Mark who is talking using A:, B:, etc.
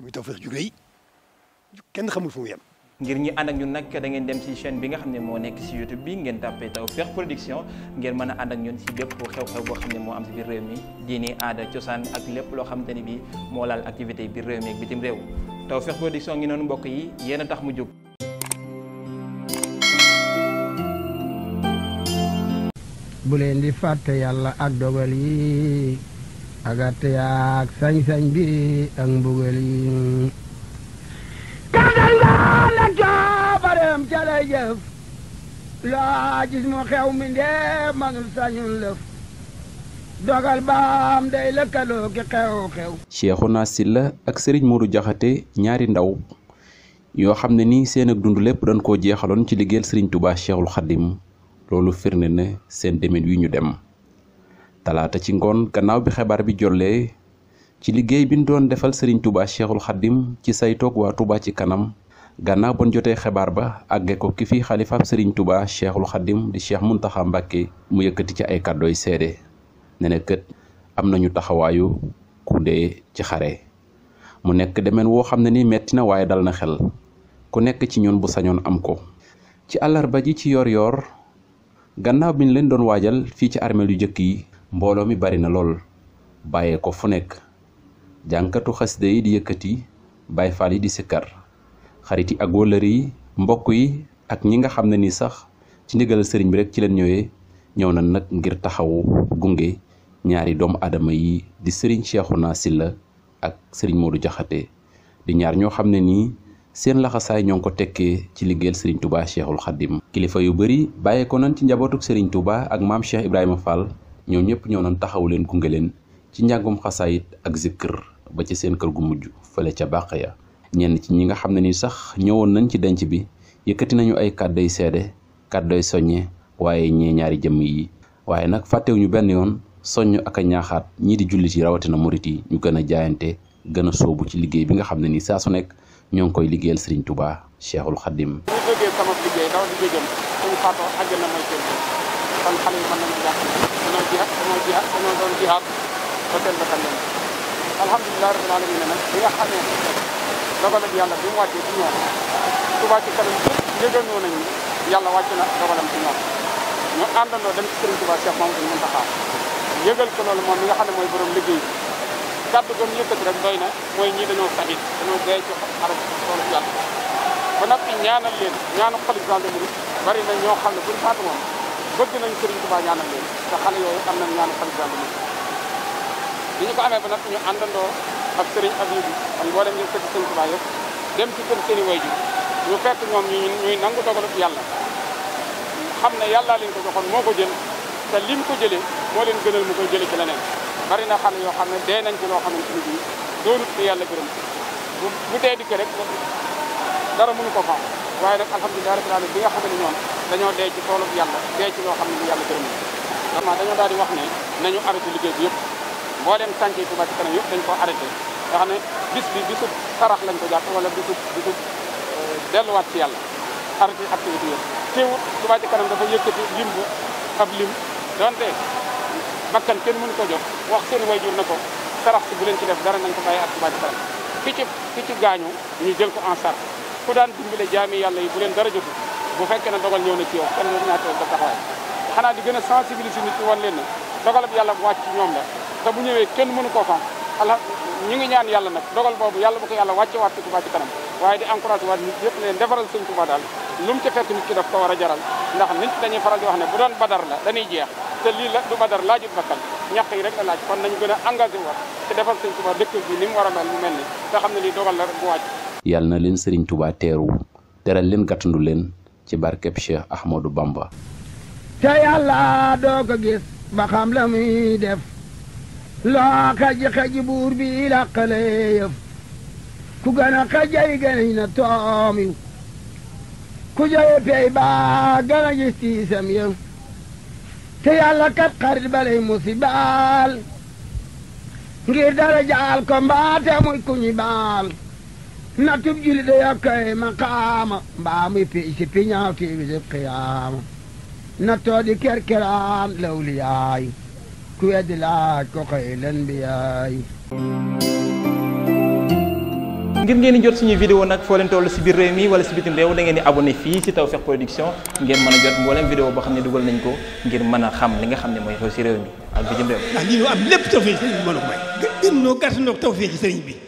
A: muy Tawfekh jugee yi kenn xamul fu mu ngir ñi ànd ak ñun nag dangeen dem ci chain bi nga xam ne moo nekk ci YouTube bi ngeen tàppee Tawfekh Production ngeen mën a ànd ak ñun ci bépp xew-xew boo xam ne moo am ci biir réew mi diini aada cosaan ak lépp loo xamante ni bi moo laal activité biir réew mi ak bitim réew Tawfekh Production ngi noonu mbokk yi yéen a tax mu jóg.
B: bu agat yaak sañ-sañ bi ak mbugal yi kàttan daal ak coobareem ca lay jëf laa gis mu xew mi ndee manul sañul lëf dogal baam day lëkkaloo ki xew-xew
C: Cheikhouna Sylla ak Serigne Modou Diakhaté ñaari ndaw yoo xam ne nii seen ak dund lépp dañ koo jeexaloon ci liggéeyal sëriñ Touba Cheikhul Khadim loolu firnde na seen demin wi ñu dem talaata ci ngoon gannaaw bi xibaar bi jollee ci liggéey bi ñu doon defal Serigne Touba Cheikhul Khadim ci saytoog waa Touba ci kanam gannaaw bon jotee xibaar ba àgge ko ki fi xalifaab Serigne Touba Cheikhul Khadim di Cheikh Mountakha Mbacké mu yëkkati ci ay kàddooy seede ne ne kët am nañu taxawaayu ku dee ci xare mu nekk demeen woo xam ne ni metti na waaye dal na xel ku nekk ci ñun bu sañoon am ko. ci àllarba ji ci yoor yor gannaaw bi ñu leen doon waajal fii ci armeel yu njëkk yi mbooloo mi bari na lool bàyyee ko fu nekk jànqatu xasida yi di yëkkati baay faal yi di sikkar xarit yi ak wëllëre yi mbokk yi ak ñi nga xam ne ni sax ci ndigalal sëriñ bi rek ci leen ñëwee ñëw na nag ngir taxawu gunge ñaari doomu aadama yi di sëriñ Cheikhouna Sylla ak sëriñ du Diakhaté di ñaar ñoo xam ne nii seen laxasaay ñoo ngi ko tekkee ci liggéeyal sëriñ tubaa Cheikhul Khadim. kilifa yu bari bàyyeekoo nañ ci njabootuk sëriñ tubaa ak maam Cheikh Ibrahima ñoo ñëpp ñoo nan taxaw leen gunge leen ci njàngum xasaayit ak zikkër ba ci seen kër gu mujj fële ca bàq ya ñenn ci ñi nga xam ne ni sax ñëwoon nañ ci denc bi yëkkati nañu ay kàdday seede kàdday soññe waaye ñee ñaari jëmm yi waaye nag fàttewu ñu benn yoon soññ ak ñaaxaat ñii di jullit yi rawatina murit yi ñu gën a jaayante gëna a soobu ci liggéey bi nga xam ne nii saa su nekk ñoo ngi koy liggéeyal Serigne tubaa Cheikhul Khadim.
D: kon xale yi mën nañu jàpp dañoo jihaat dañoo jihaat dañoo doon jihaat ba teel ba teel leen alhamdulilah rabbil alamin nag bi nga xamee dogalam yàlla bi mu wàccee ci ñoom Touba ci kanam yëpp yëgandoo nañu yàlla wàcc na dogalam ci ñoom ñu àndandoo dem ci Sëriñ Touba Cheikh Mamadou Mountakha yëgal ko loolu moom mi nga xam ne mooy borom liggéey bi kàddu gëm yëkkati rek doy na mooy ñii dañoo sahit dañoo gay ci xarab toolu yàlla ba noppi ñaanal leen ñaanu xalifa de murid bari na ñoo xam ne buñ faatu moom bëgg nañ sëriñ Tuubaa ñaanal leen te xale yooyu am na ñaanu xalifa bi bi ñu ko amee ba nag ñu àndandoo ak sëriñ Abib bi kon boo dem ñu sëkk sëriñ Tuubaa yëpp dem ci kër sëriñ way ji ñu fekk ñoom ñu ñuy nangu dogalub yàlla xam na yàllaa leen ko joxoon moo ko jël te lim ko jëlee moo leen gënal mu koy jëlee ci leneen bari na xale yoo xam ne dee nañ ci loo xamante ni bii doonut yàlla gërëm bu bu dee dikkee rek dara mënu ko faaw waaye nag alhamdulilah rabbil alamin bi nga xam ne dañoo dee ci toolu yàlla dee ci loo xam ne lu yàlla gërëm vraiment dañoo daal di wax ne nañu arrêté liggéey bi yëpp mbooleem chantier Touba Ca Kanam yëpp dañ ko arrêté nga xam ne bis bi bisub sarax lañ ko jàpp wala bisub bisub euh, delluwaat ci yàlla arrêté activité yëpp teewut Touba Ca Kanam dafa yëkkati lim bu ab lim donte bakkan kenn mënu ko jox wax seen wayjur na ko sarax si bu leen ci def dara nañ ko bàyyi ak Touba Ca Kanam ki ci ki gaañu ñu jël ko en charge ku daan dimbale jaami yàlla yi bu leen dara jotu bu fekkee ne dogal ñëw na ci yow kenn du ñaata xanaa di gën a sensibiliser nit ñi wan leen ne dogalab yàlla bu wàcc ñoom la te bu ñëwee kenn mënu koo fam ala ñu ngi ñaan yàlla nag dogal boobu yàlla bu ko yàlla wàcce waat ci Touba ci kanam waaye di encouragé waat nit yëpp leen defaral sëñ daal lu mu fekk nit ki daf ko war a jaral ndax nit dañuy faral di wax ne bu doon badar la dañuy jeex te lii la du badar laajut bakkan ñàkk yi rek la laaj kon nañu gën a engagé war te defal sëñ Touba dëkk bi ni mu war a mel mu mel ni
C: te na leen sëriñ Touba teeru teral leen gàttandu leen ci barkeb Cheikh Ahmadou Bamba
B: te yàlla doo ko gis ba xam la muy def loo xaji xaji buur bi làqale yëf ku gën a xajay gënañ na toomiw ku joye pey baa gën a gis tiisam yëf te yàlla kat xarit balay musibaal ngir dara jaal ko mbaate muy ku ñi baal na tub juli de yakkay maqaama mbaamuy pi si piñaaw ti bisib qiyaama na toodi kerkeraan lawliyaay ku weddi laaj ko koy bi biyaay
A: ngir ngeen jot suñu vidéo nag foo leen toll si biir réew mi wala si bitim réew da ngeen di abonné fii si Tawfekh Production ngeen mën jot mboolem vidéo boo xam ne dugal nañ ko ngir mën a xam li nga xam ne mooy xew si réew mi ak bitim réew. ndax lii am lépp Tawfekh sëriñ bi
B: mën a may. gën noo gàtt noo Tawfekh sëriñ bi.